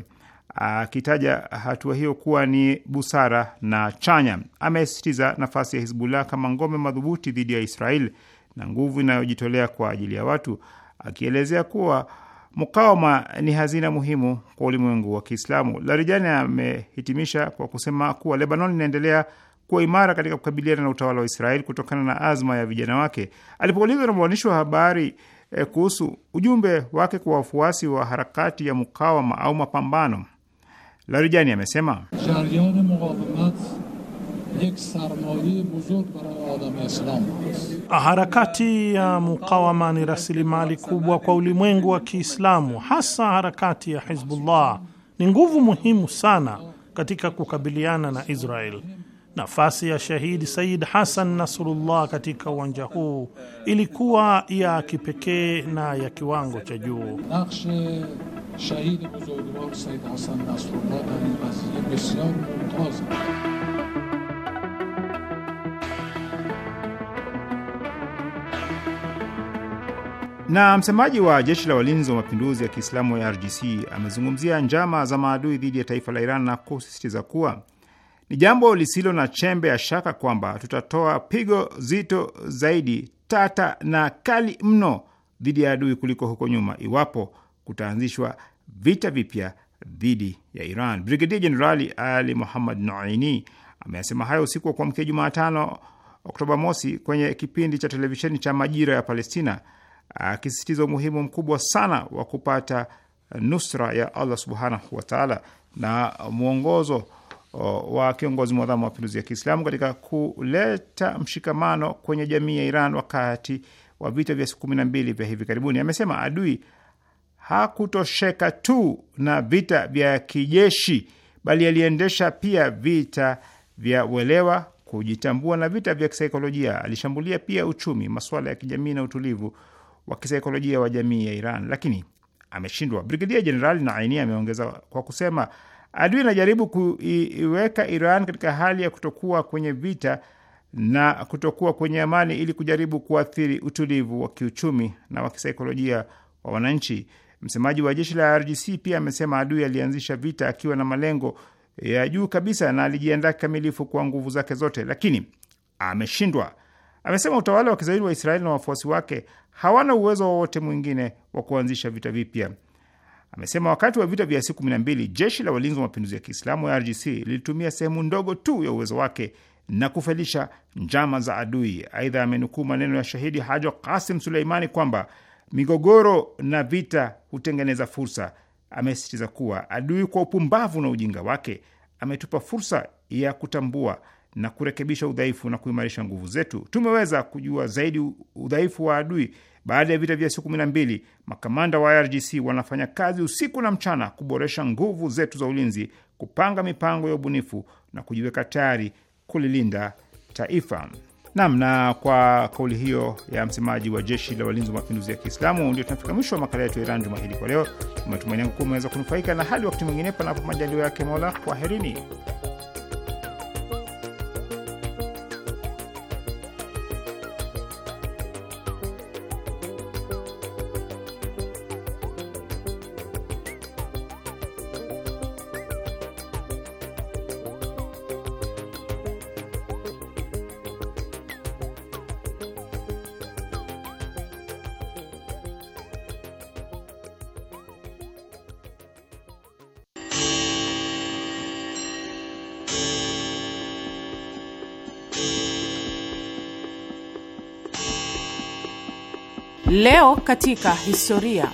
akitaja hatua hiyo kuwa ni busara na chanya. Amesisitiza nafasi ya Hizbullah kama ngome madhubuti dhidi ya Israel na nguvu inayojitolea kwa ajili ya watu, akielezea kuwa mukawama ni hazina muhimu kwa ulimwengu wa Kiislamu. Larijani amehitimisha kwa kusema kuwa Lebanon inaendelea kuwa imara katika kukabiliana na utawala wa Israel kutokana na azma ya vijana wake. Alipoulizwa na mwandishi wa habari eh, kuhusu ujumbe wake kwa wafuasi wa harakati ya mukawama au mapambano Larijani amesema harakati ya mukawama ni rasilimali kubwa kwa ulimwengu wa Kiislamu, hasa harakati ya Hizbullah ni nguvu muhimu sana katika kukabiliana na Israel Nafasi ya shahidi Said Hasan Nasrullah katika uwanja huu ilikuwa ya kipekee na ya kiwango cha juu. Na msemaji wa jeshi la walinzi wa mapinduzi ya Kiislamu ya RGC amezungumzia njama za maadui dhidi ya taifa la Iran na kusisitiza kuwa ni jambo lisilo na chembe ya shaka kwamba tutatoa pigo zito zaidi, tata na kali mno dhidi ya adui kuliko huko nyuma, iwapo kutaanzishwa vita vipya dhidi ya Iran. Brigedia Jenerali Ali Muhammad Noini ameyasema hayo usiku wa kuamkia Jumatano, Oktoba mosi, kwenye kipindi cha televisheni cha Majira ya Palestina, akisisitiza umuhimu mkubwa sana wa kupata nusra ya Allah subhanahu wataala na mwongozo wa kiongozi mwadhamu wa mapinduzi ya Kiislamu katika kuleta mshikamano kwenye jamii ya Iran wakati wa vita vya siku kumi na mbili vya hivi karibuni. Amesema adui hakutosheka tu na vita vya kijeshi, bali aliendesha pia vita vya uelewa, kujitambua na vita vya kisaikolojia. Alishambulia pia uchumi, masuala ya kijamii na utulivu wa kisaikolojia wa jamii ya Iran, lakini ameshindwa. Brigedia Jenerali ainia ameongeza kwa kusema Adui anajaribu kuiweka Iran katika hali ya kutokuwa kwenye vita na kutokuwa kwenye amani ili kujaribu kuathiri utulivu wa kiuchumi na wa kisaikolojia wa wananchi. Msemaji wa jeshi la RGC pia amesema adui alianzisha vita akiwa na malengo ya juu kabisa na alijiandaa kikamilifu kwa nguvu zake zote, lakini ameshindwa. Amesema utawala wa kizayuni wa Israeli na wafuasi wake hawana uwezo wowote mwingine wa kuanzisha vita vipya. Amesema wakati wa vita vya siku 12 jeshi la walinzi wa mapinduzi ya Kiislamu ya RGC lilitumia sehemu ndogo tu ya uwezo wake na kufelisha njama za adui. Aidha, amenukuu maneno ya shahidi Hajo Kasim Suleimani kwamba migogoro na vita hutengeneza fursa. Amesisitiza kuwa adui kwa upumbavu na ujinga wake ametupa fursa ya kutambua na kurekebisha udhaifu na kuimarisha nguvu zetu. Tumeweza kujua zaidi udhaifu wa adui baada ya vita vya siku kumi na mbili, makamanda wa IRGC wanafanya kazi usiku na mchana kuboresha nguvu zetu za ulinzi, kupanga mipango ya ubunifu na kujiweka tayari kulilinda taifa. Nam, na kwa kauli hiyo ya msemaji wa jeshi la walinzi wa mapinduzi ya Kiislamu, ndio tunafika mwisho wa makala yetu ya Iran juma hili kwa leo. Matumaini yangu kuwa umeweza kunufaika, na hali wakati mwingine, panapo majaliwa yake Mola. Kwaherini. Leo katika historia.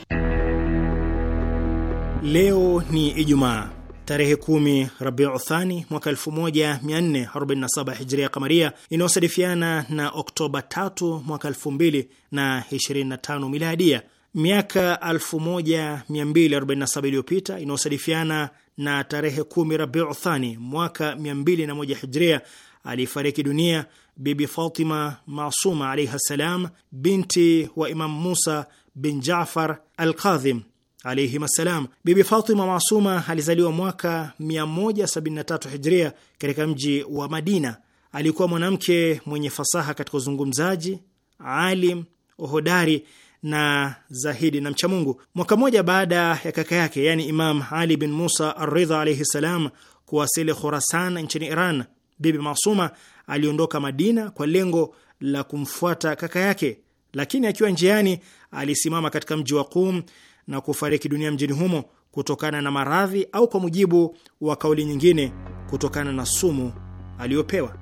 Leo ni Ijumaa tarehe kumi Rabiu Thani mwaka 1447 Hijria Kamaria, inayosadifiana na Oktoba 3 mwaka 2025 Miladia. Miaka 1247 iliyopita inayosadifiana na tarehe kumi Rabiu Thani mwaka 201 Hijria alifariki dunia Bibi Fatima Masuma alaiha ssalam, binti wa imam Musa bin Jafar Alqadhim alaihim assalam. Bibi Fatima Masuma alizaliwa mwaka 173 hijria katika mji wa Madina. Alikuwa mwanamke mwenye fasaha katika uzungumzaji, alim uhodari na zahidi na mchamungu. Mwaka mmoja baada ya kaka yake yani Imam Ali bin Musa Arridha alaihi ssalam kuwasili Khurasan nchini Iran, Bibi Masuma aliondoka Madina kwa lengo la kumfuata kaka yake, lakini akiwa njiani alisimama katika mji wa Qum na kufariki dunia mjini humo kutokana na maradhi au kwa mujibu wa kauli nyingine kutokana na sumu aliyopewa.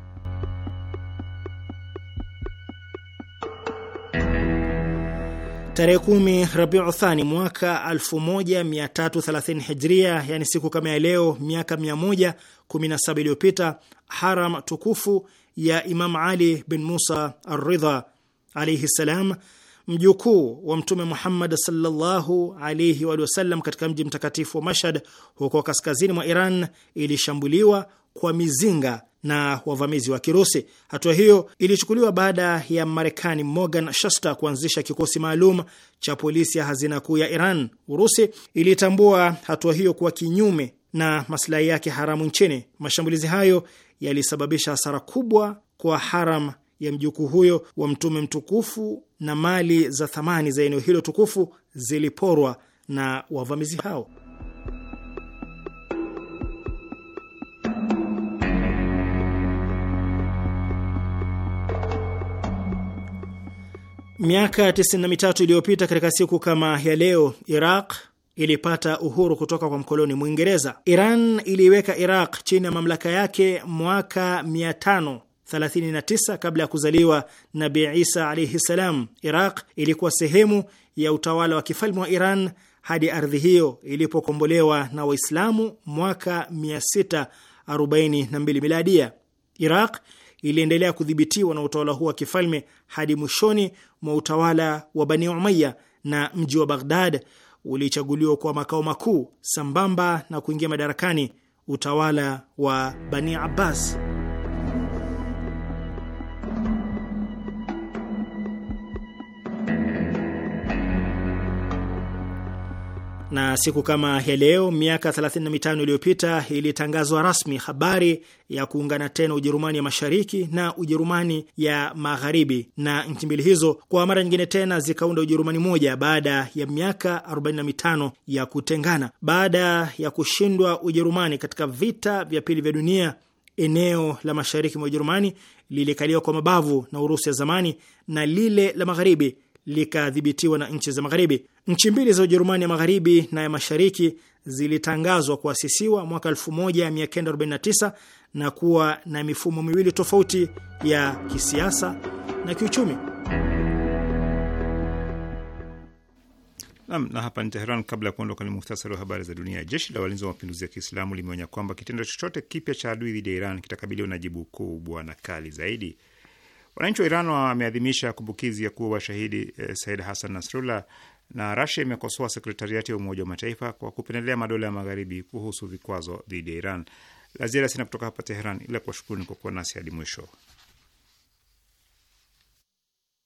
Tarehe kumi Rabiu Thani mwaka 1330 Hijria, yani siku kama ya leo miaka 117 iliyopita, haram tukufu ya Imam Ali bin Musa Arridha alaihi ssalam, mjukuu wa Mtume Muhammad sallallahu alaihi wa sallam, katika mji mtakatifu wa Mashhad huko kaskazini mwa Iran ilishambuliwa kwa mizinga na wavamizi wa Kirusi. Hatua hiyo ilichukuliwa baada ya Marekani Morgan Shuster kuanzisha kikosi maalum cha polisi ya hazina kuu ya Iran. Urusi ilitambua hatua hiyo kuwa kinyume na maslahi yake haramu nchini. Mashambulizi hayo yalisababisha hasara kubwa kwa haram ya mjukuu huyo wa mtume mtukufu, na mali za thamani za eneo hilo tukufu ziliporwa na wavamizi hao. Miaka 93 iliyopita katika siku kama ya leo, Iraq ilipata uhuru kutoka kwa mkoloni Mwingereza. Iran iliiweka Iraq chini ya mamlaka yake mwaka 539 kabla ya kuzaliwa Nabi Isa alaihi ssalam. Iraq ilikuwa sehemu ya utawala wa kifalme wa Iran hadi ardhi hiyo ilipokombolewa na Waislamu mwaka 642 miladia. Iraq iliendelea kudhibitiwa na utawala huo wa kifalme hadi mwishoni mwa utawala wa Bani Umaya na mji wa Baghdad ulichaguliwa kuwa makao makuu sambamba na kuingia madarakani utawala wa Bani Abbas. na siku kama ya leo miaka 35 iliyopita ilitangazwa rasmi habari ya kuungana tena Ujerumani ya mashariki na Ujerumani ya magharibi, na nchi mbili hizo kwa mara nyingine tena zikaunda Ujerumani moja baada ya miaka 45 ya kutengana. Baada ya kushindwa Ujerumani katika vita vya pili vya dunia, eneo la mashariki mwa Ujerumani lilikaliwa kwa mabavu na Urusi ya zamani na lile la magharibi likadhibitiwa na nchi za Magharibi. Nchi mbili za Ujerumani ya Magharibi na ya Mashariki zilitangazwa kuasisiwa mwaka 1949 na kuwa na mifumo miwili tofauti ya kisiasa na kiuchumi. Nam, na hapa ni Teheran. Kabla ya kuondoka, ni muhtasari wa habari za dunia. Jeshi la walinzi wa mapinduzi ya Kiislamu limeonya kwamba kitendo chochote kipya cha adui dhidi ya Iran kitakabiliwa na jibu kubwa na kali zaidi. Wananchi wa Iran wameadhimisha kumbukizi ya kuwa washahidi eh, Said Hassan Nasrullah na Rasia imekosoa sekretariati ya Umoja wa Mataifa kwa kupendelea madola ya magharibi kuhusu vikwazo dhidi ya Iran. La ziada sina kutoka hapa Teheran, ila kuwashukuruni kwa kuwa nasi hadi mwisho